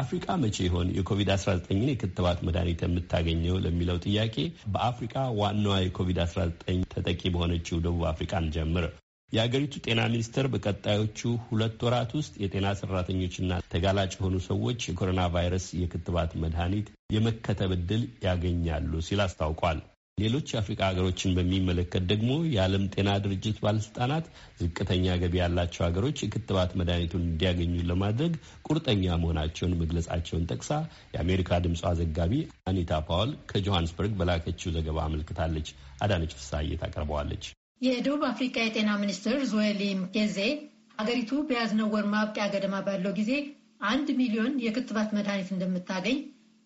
አፍሪቃ መቼ ይሆን የኮቪድ-19ን የክትባት መድኃኒት የምታገኘው ለሚለው ጥያቄ በአፍሪካ ዋናዋ የኮቪድ-19 ተጠቂ በሆነችው ደቡብ አፍሪቃን ጀምር። የአገሪቱ ጤና ሚኒስቴር በቀጣዮቹ ሁለት ወራት ውስጥ የጤና ሰራተኞችና ተጋላጭ የሆኑ ሰዎች የኮሮና ቫይረስ የክትባት መድኃኒት የመከተብ ዕድል ያገኛሉ ሲል አስታውቋል። ሌሎች የአፍሪካ ሀገሮችን በሚመለከት ደግሞ የዓለም ጤና ድርጅት ባለስልጣናት ዝቅተኛ ገቢ ያላቸው ሀገሮች ክትባት መድኃኒቱን እንዲያገኙ ለማድረግ ቁርጠኛ መሆናቸውን መግለጻቸውን ጠቅሳ የአሜሪካ ድምፅ ዘጋቢ አኒታ ፓዋል ከጆሃንስበርግ በላከችው ዘገባ አመልክታለች። አዳነች ፍሳዬ ታቀርበዋለች። የደቡብ አፍሪካ የጤና ሚኒስትር ዞዌሊ ምኬዜ ሀገሪቱ በያዝነው ወር ማብቂያ ገደማ ባለው ጊዜ አንድ ሚሊዮን የክትባት መድኃኒት እንደምታገኝ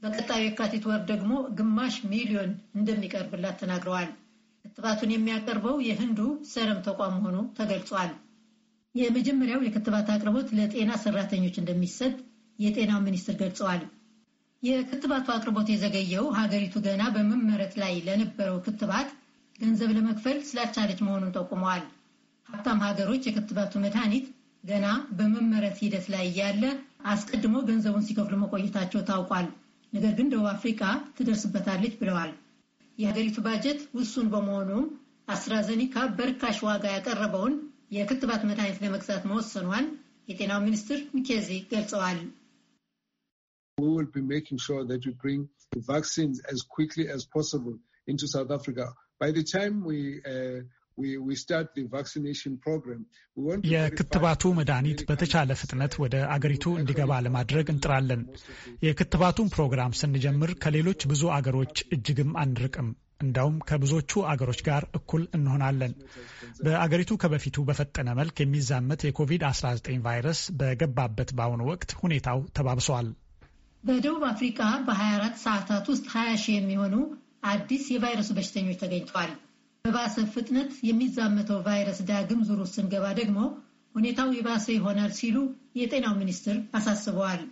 በቀጣዩ የካቲት ወር ደግሞ ግማሽ ሚሊዮን እንደሚቀርብላት ተናግረዋል። ክትባቱን የሚያቀርበው የህንዱ ሰረም ተቋም መሆኑ ተገልጿል። የመጀመሪያው የክትባት አቅርቦት ለጤና ሰራተኞች እንደሚሰጥ የጤናው ሚኒስትር ገልጸዋል። የክትባቱ አቅርቦት የዘገየው ሀገሪቱ ገና በመመረት ላይ ለነበረው ክትባት ገንዘብ ለመክፈል ስላልቻለች መሆኑን ጠቁመዋል። ሀብታም ሀገሮች የክትባቱ መድኃኒት ገና በመመረት ሂደት ላይ እያለ አስቀድሞ ገንዘቡን ሲከፍሉ መቆየታቸው ታውቋል። ነገር ግን ደቡብ አፍሪካ ትደርስበታለች ብለዋል። የሀገሪቱ ባጀት ውሱን በመሆኑ አስትራዘኒካ በርካሽ ዋጋ ያቀረበውን የክትባት መድኃኒት ለመግዛት መወሰኗን የጤናው ሚኒስትር ሚኬዚ ገልጸዋል። የክትባቱ መድኃኒት በተቻለ ፍጥነት ወደ አገሪቱ እንዲገባ ለማድረግ እንጥራለን። የክትባቱን ፕሮግራም ስንጀምር ከሌሎች ብዙ አገሮች እጅግም አንርቅም። እንዳውም ከብዙዎቹ አገሮች ጋር እኩል እንሆናለን። በአገሪቱ ከበፊቱ በፈጠነ መልክ የሚዛመት የኮቪድ-19 ቫይረስ በገባበት በአሁኑ ወቅት ሁኔታው ተባብሷል። በደቡብ አፍሪካ በ24 ሰዓታት ውስጥ 20 ሺህ የሚሆኑ አዲስ የቫይረሱ በሽተኞች ተገኝተዋል። በባሰ ፍጥነት የሚዛመተው ቫይረስ ዳግም ዙር ውስጥ ስንገባ ደግሞ ሁኔታው የባሰ ይሆናል ሲሉ የጤናው ሚኒስትር አሳስበዋል።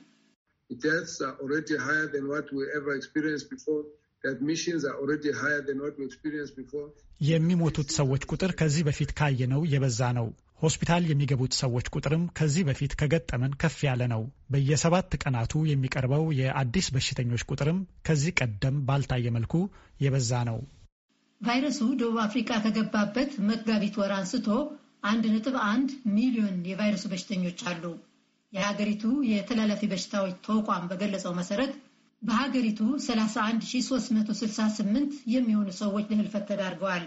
የሚሞቱት ሰዎች ቁጥር ከዚህ በፊት ካየነው የበዛ ነው። ሆስፒታል የሚገቡት ሰዎች ቁጥርም ከዚህ በፊት ከገጠመን ከፍ ያለ ነው። በየሰባት ቀናቱ የሚቀርበው የአዲስ በሽተኞች ቁጥርም ከዚህ ቀደም ባልታየ መልኩ የበዛ ነው። ቫይረሱ ደቡብ አፍሪካ ከገባበት መጋቢት ወር አንስቶ 1.1 ሚሊዮን የቫይረሱ በሽተኞች አሉ። የሀገሪቱ የተላላፊ በሽታዎች ተቋም በገለጸው መሰረት በሀገሪቱ 31368 የሚሆኑ ሰዎች ለህልፈት ተዳርገዋል።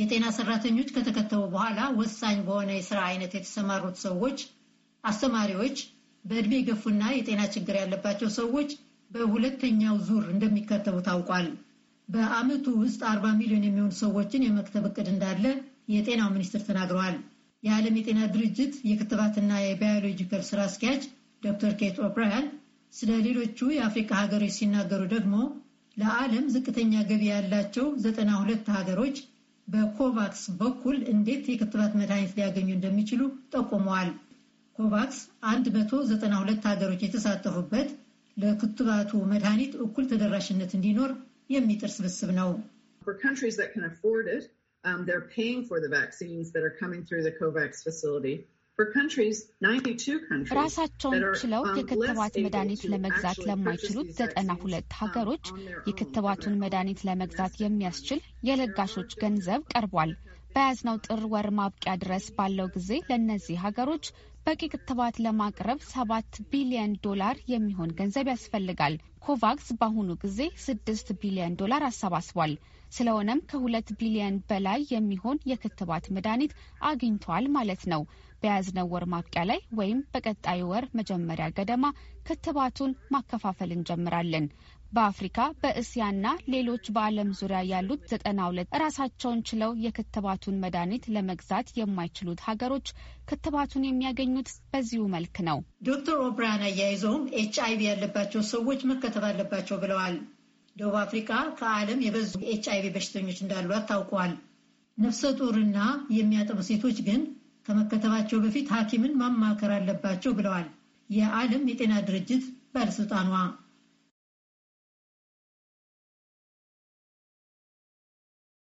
የጤና ሰራተኞች ከተከተቡ በኋላ ወሳኝ በሆነ የስራ አይነት የተሰማሩት ሰዎች፣ አስተማሪዎች፣ በዕድሜ የገፉና የጤና ችግር ያለባቸው ሰዎች በሁለተኛው ዙር እንደሚከተቡ ታውቋል። በዓመቱ ውስጥ 40 ሚሊዮን የሚሆኑ ሰዎችን የመክተብ እቅድ እንዳለ የጤናው ሚኒስትር ተናግረዋል። የዓለም የጤና ድርጅት የክትባትና የባዮሎጂካል ስራ አስኪያጅ ዶክተር ኬት ኦብራያን ስለ ሌሎቹ የአፍሪካ ሀገሮች ሲናገሩ ደግሞ ለዓለም ዝቅተኛ ገቢ ያላቸው ዘጠና ሁለት ሀገሮች በኮቫክስ በኩል እንዴት የክትባት መድኃኒት ሊያገኙ እንደሚችሉ ጠቁመዋል። ኮቫክስ 192 ሀገሮች የተሳተፉበት ለክትባቱ መድኃኒት እኩል ተደራሽነት እንዲኖር የሚጥር ስብስብ ነው። um, ራሳቸውን um, ችለው የክትባት መድኃኒት ለመግዛት ለማይችሉት ዘጠና ሁለት um, ሀገሮች የክትባቱን መድኃኒት ለመግዛት የሚያስችል የለጋሾች ገንዘብ ቀርቧል። በያዝነው ጥር ወር ማብቂያ ድረስ ባለው ጊዜ ለእነዚህ ሀገሮች በቂ ክትባት ለማቅረብ ሰባት ቢሊዮን ዶላር የሚሆን ገንዘብ ያስፈልጋል። ኮቫክስ በአሁኑ ጊዜ ስድስት ቢሊዮን ዶላር አሰባስቧል። ስለሆነም ከሁለት ቢሊዮን በላይ የሚሆን የክትባት መድኃኒት አግኝቷል ማለት ነው። በያዝነው ወር ማብቂያ ላይ ወይም በቀጣዩ ወር መጀመሪያ ገደማ ክትባቱን ማከፋፈል እንጀምራለን። በአፍሪካ በእስያና ሌሎች በዓለም ዙሪያ ያሉት ዘጠና ሁለት ራሳቸውን ችለው የክትባቱን መድኃኒት ለመግዛት የማይችሉት ሀገሮች ክትባቱን የሚያገኙት በዚሁ መልክ ነው። ዶክተር ኦብራን አያይዘውም ኤች አይቪ ያለባቸው ሰዎች መከተብ አለባቸው ብለዋል። ደቡብ አፍሪካ ከዓለም የበዙ ኤች አይቪ በሽተኞች እንዳሏት ታውቋል። ነፍሰ ጡርና የሚያጠቡ ሴቶች ግን ከመከተባቸው በፊት ሐኪምን ማማከር አለባቸው ብለዋል የዓለም የጤና ድርጅት ባለስልጣኗ